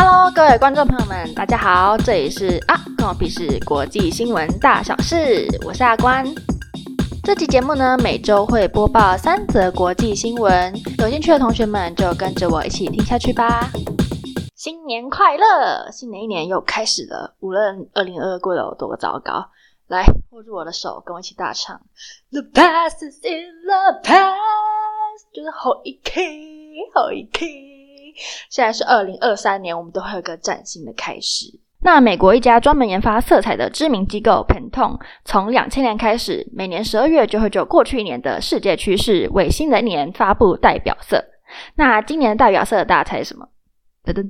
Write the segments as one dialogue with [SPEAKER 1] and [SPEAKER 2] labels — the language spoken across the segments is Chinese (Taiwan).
[SPEAKER 1] Hello，各位觀眾朋友們，大家好，這裡是阿關必試國際新聞大小事，我是阿關。這期節目呢，每周會播報三則國際新聞，有興趣的同學們就跟着我一起聽下去吧。新年快樂，新的一年又開始了，無論2022過得有多糟糕，來握住我的手，跟我一起大唱。The past is in the past，就是後一刻，後一刻。現在是二零二三年，我們都會有個嶄新的開始。那美國一家專門研發色彩的知名機構 Pantone，從兩千年開始，每年十二月就會就過去一年的世界趨勢，為新的一年發布代表色。那今年的代表色，大家猜是什麼？噔噔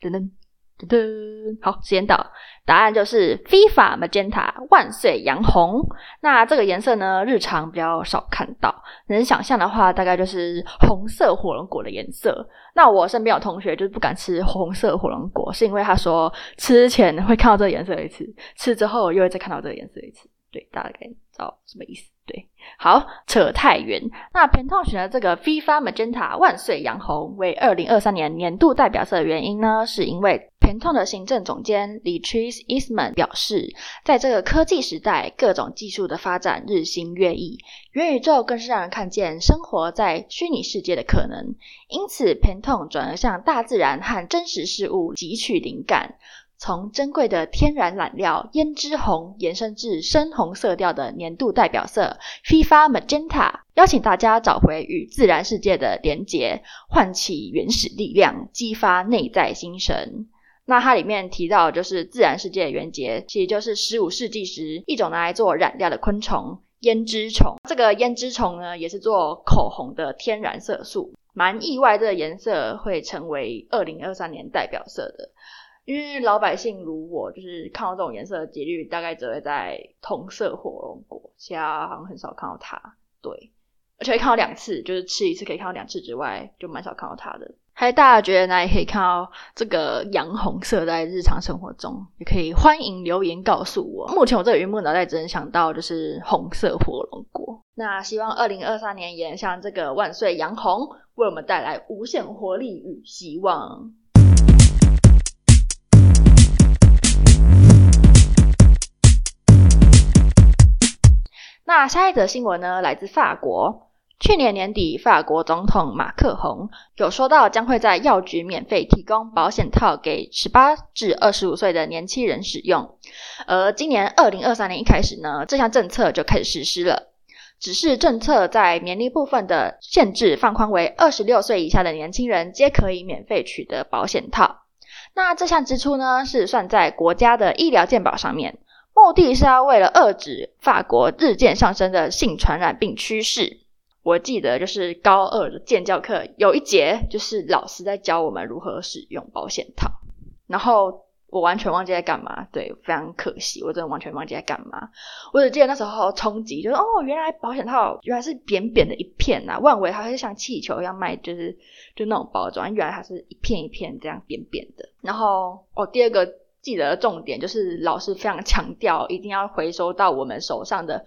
[SPEAKER 1] 噔噔。登登噔噔，好，時間到，答案就是 Viva Magenta 萬歲洋紅。那這個顏色呢，日常比較少看到，能想象的話，大概就是紅色火龍果的顏色。那我身邊有同學就是不敢吃紅色火龍果，是因為他說吃之前會看到這個顏色一次，吃之後又會再看到這個顏色一次。對，大家應該知道什麼意思。對，好，扯太遠。那 Pantone 選的這個 Viva Magenta 萬歲洋紅為二零二三年年度代表色的原因呢，是因為。Pantone 的行政總監 Leatrice Eastman 表示，在這個科技時代，各種技術的發展日新月異，元宇宙更是讓人看見生活在虛擬世界的可能。因此，Pantone 轉而向大自然和真實事物汲取靈感，從珍貴的天然染料胭脂紅延伸至深紅色調的年度代表色 FIFA Magenta，邀請大家找回與自然世界的連結，喚起原始力量，激發內在精神。那它裡面提到就是自然世界的原節，其實就是十五世紀時一種拿來做染料的昆蟲胭脂蟲。這個胭脂蟲呢，也是做口紅的天然色素。蠻意外，這個顏色會成為二零二三年代表色的，因為老百姓如果就是看到這種顏色的幾率，大概只會在同色火龍果，其他好像很少看到它。對。而且看到兩次，就是吃一次可以看到兩次之外，就蠻少看到它的。還大家覺得哪裡可以看到這個洋紅色在日常生活中？也可以歡迎留言告訴我。目前我這個榆木腦袋只能想到就是紅色火龍果。那希望二零二三年也能像這個萬歲洋紅，為我們帶來無限活力與希望。嗯、那下一則新聞呢，來自法國。去年年底，法國總統馬克宏有說到將會在藥局免費提供保險套給十八至二十五歲的年輕人使用。而今年二零二三年一開始呢，這項政策就開始實施了。只是政策在年齡部分的限制放寬為二十六歲以下的年輕人皆可以免費取得保險套。那這項支出呢，是算在國家的醫療健保上面，目的是要為了遏制法國日漸上升的性傳染病趨勢。我記得就是高二的健教課有一節，就是老師在教我們如何使用保險套，然後我完全忘記在幹嘛，對，非常可惜，我真的完全忘記在幹嘛。我只記得那時候衝擊就是哦，原來保險套原來是扁扁的一片吶、啊，我以為它還是像氣球一樣賣，就是就那種包裝，原來它是一片一片這樣扁扁的。然後我、哦、第二個記得的重點就是老師非常強調，一定要回收到我們手上的。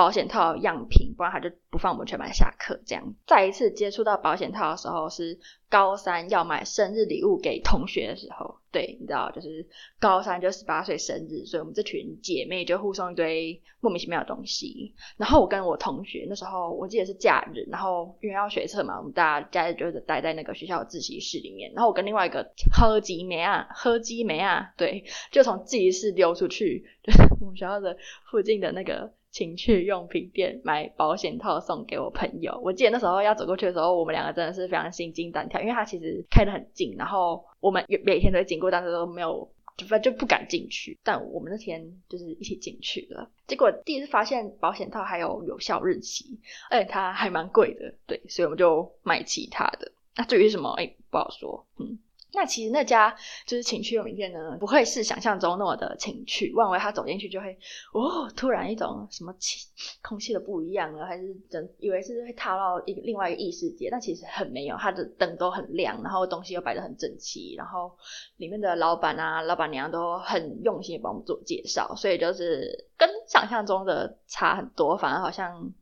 [SPEAKER 1] 保險套樣品，不然他就不放我們全班下課。這樣，再一次接觸到保險套的時候是高三要買生日禮物給同學的時候。對，你知道，就是高三就十八歲生日，所以我們這群姐妹就互送一堆莫名其妙的東西。然後我跟我同學那時候我記得是假日，然後因為要學測嘛，我們大家假日就是待在那個學校自習室裡面。然後我跟另外一個喝雞梅啊，喝雞梅啊，對，就從自習室溜出去，就是我們學校的附近的那個。情趣用品店買保險套送給我朋友，我記得那時候要走過去的時候，我們兩個真的是非常心驚膽跳，因為它其實開得很近，然後我們每天都經過，但是都沒有就不就不敢進去。但我們那天就是一起進去了，結果第一次發現保險套還有有效日期，而且它還蠻貴的，對，所以我們就買其他的。那至於什麼，哎，不好說，嗯。那其實那家就是情趣用品店呢，不會是想象中那麼的情趣萬維。他走進去就會，哦，突然一種什麼氣空氣的不一樣了，還是真以為是會踏到一個另外一個異世界，但其實很沒有。它的燈都很亮，然後東西又擺得很整齊，然後裡面的老板啊、老板娘都很用心的幫我們做介紹，所以就是跟想象中的差很多，反而好像。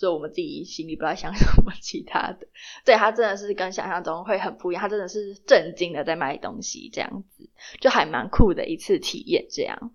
[SPEAKER 1] 所以我們自己心裡不知道想什麼其他的，對，他真的是跟想象中會很不一樣，他真的是震驚的在賣東西這樣子，就還蠻酷的一次體驗這樣。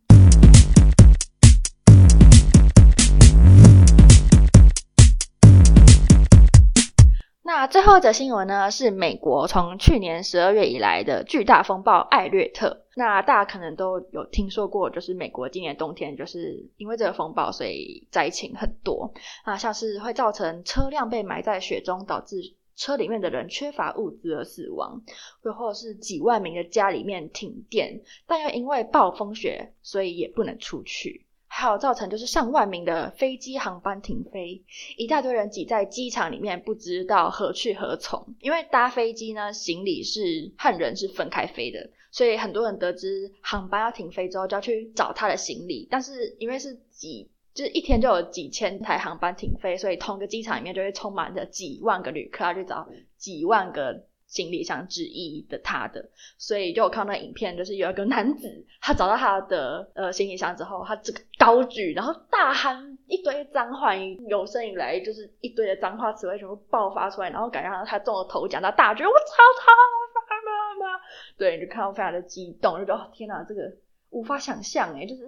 [SPEAKER 1] 那最後一則新聞呢，是美國從去年十二月以來的巨大風暴艾略特。那大家可能都有聽說過，就是美國今年冬天就是因為這個風暴，所以災情很多。那像是會造成車輛被埋在雪中，導致車裡面的人缺乏物資而死亡；又或是幾萬名的家裡面停電，但又因為暴風雪，所以也不能出去。還有造成就是上萬名的飛機航班停飛，一大堆人擠在機場裡面，不知道何去何從。因為搭飛機呢，行李是和人是分開飛的，所以很多人得知航班要停飛之後，就要去找他的行李。但是因為是幾，就是一天就有幾千台航班停飛，所以同個機場裡面就會充滿着幾萬個旅客要去找幾萬個。行李箱之一的他的。所以就我看到影片，就是有一個男子，他找到他的呃行李箱之後，他這個高舉，然後大喊一堆髒話，有生以來就是一堆的髒話詞彙全部爆發出來，然後感覺他他中了頭獎，他大叫我操，操，媽、啊、媽、啊啊啊啊啊，對，你就看到非常的激動，就覺得天哪、啊，這個無法想象哎、欸，就是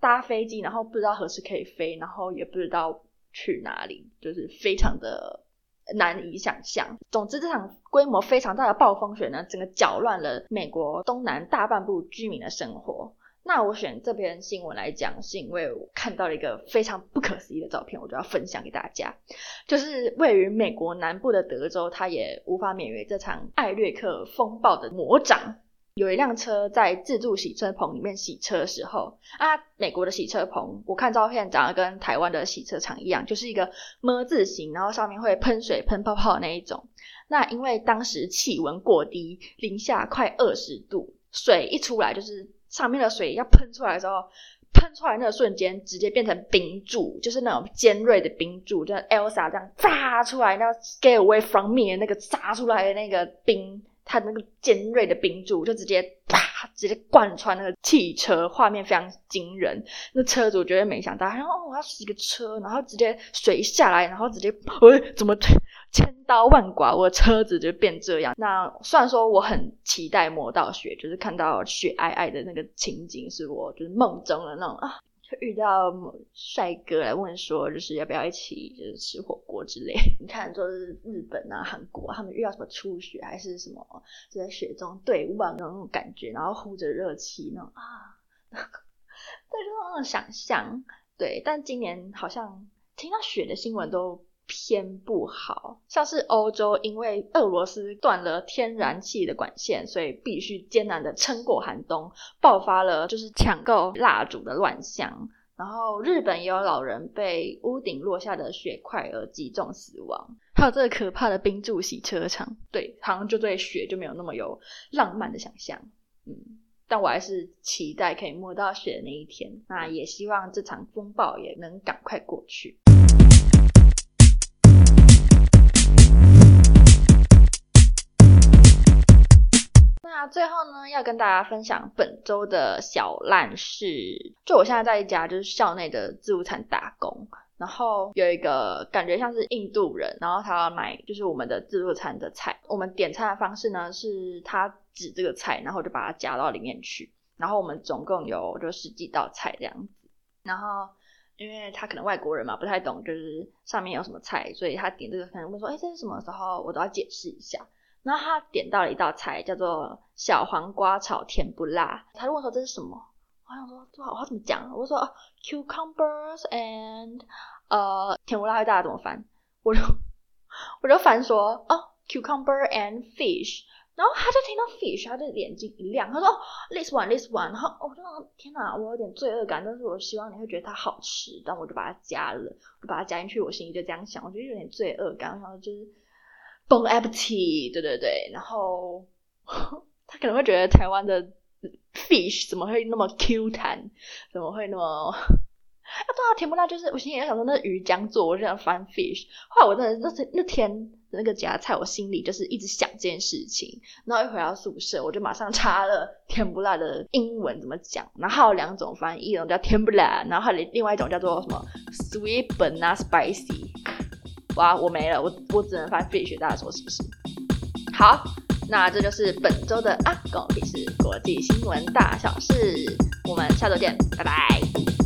[SPEAKER 1] 搭飛機，然後不知道何時可以飛，然後也不知道去哪裡，就是非常的。難以想象。總之，這場規模非常大的暴風雪呢，整個攪亂了美國東南大半部居民的生活。那我選這篇新聞來講，是因為我看到了一個非常不可思議的照片，我就要分享給大家。就是位於美國南部的德州，它也無法免於這場艾略克風暴的魔掌。有一輛車在自助洗車棚裡面洗車的時候啊，美國的洗車棚，我看照片長得跟台灣的洗車場一樣，就是一個麼字型，然後上面會噴水、噴泡泡的那一種。那因為當時氣溫過低，零下快二十度，水一出來就是上面的水要噴出來的時候，噴出來那個瞬間直接變成冰柱，就是那種尖銳的冰柱，就像、是、Elsa 這樣炸出來，那個、Get away from me 的那個炸出來的那個冰。他那個尖銳的冰柱就直接啪，直接貫穿那個汽車，畫面非常驚人。那車主絕對沒想到，他說：“哦，我要洗個車！”然後直接水下來，然後直接餵、哎，怎麼千刀萬剮，我的車子就變這樣。那雖然說我很期待摸到雪，就是看到雪皚皚的那個情景，是我就是夢中的那種啊。遇到帥哥來問說，就是要不要一起就是吃火鍋之類。 你看，就是日本啊、韓國、啊，他們遇到什麼初雪還是什麼，就在雪中對望的那種感覺，然後呼着熱氣那種啊，對，就那種想象。對，但今年好像聽到雪的新聞都。偏不好，像是歐洲因為俄羅斯斷了天然氣的管線，所以必須艱難的撐過寒冬，爆發了就是搶購蠟燭的亂象。然後日本也有老人被屋頂落下的雪塊而擊中死亡，還有這個可怕的冰柱洗車場。對，好像就對雪就沒有那麼有浪漫的想象。嗯，但我還是期待可以摸到雪的那一天。那也希望這場風暴也能趕快過去。那最後呢，要跟大家分享本周的小爛事。就我現在在一家就是校內的自助餐打工，然後有一個感覺像是印度人，然後他要買就是我們的自助餐的菜。我們點餐的方式呢，是他指這個菜，然後就把它夾到裡面去。然後我們總共有就十幾道菜這樣子。然後因為他可能外國人嘛，不太懂就是上面有什麼菜，所以他點這個菜問說：“哎、欸，這是什麼？”時候，我都要解釋一下。然後他點到了一道菜，叫做小黃瓜炒甜不辣。他就問我說：“這是什麼？”我想說：“這好我怎麼講呢？”我說：“哦，cucumbers and…… 呃，甜不辣會大家怎麼翻？”我就我就翻說：“哦，cucumber and fish。”然後他就聽到 fish，他就眼睛一亮，他說：“ this one, this one。”然後、哦、我就說：“天哪，我有點罪惡感，但是我希望你會覺得它好吃，但我就把它加了，我把它加進去，我心裡就這樣想，我覺得有點罪惡感，然後就是。” Bon appetit，對對對，然後他可能會覺得台灣的 fish 怎麼會那麼 Q 彈，怎麼會那麼啊？對啊，甜不辣就是我心裡也想說那魚漿做，我就想翻 fish。後來我真的那，那天那天那個夾菜，我心裡就是一直想這件事情。然後一回到宿舍，我就馬上查了甜不辣的英文怎麼講，然後還有兩種翻譯，一種叫甜不辣，然後還有另外一種叫做什麼 sweet banana spicy。哇，我沒了，我我只能發 fish，大家說是不是？好，那這就是本周的阿關我也是國際新聞大小事，我們下周見，拜拜。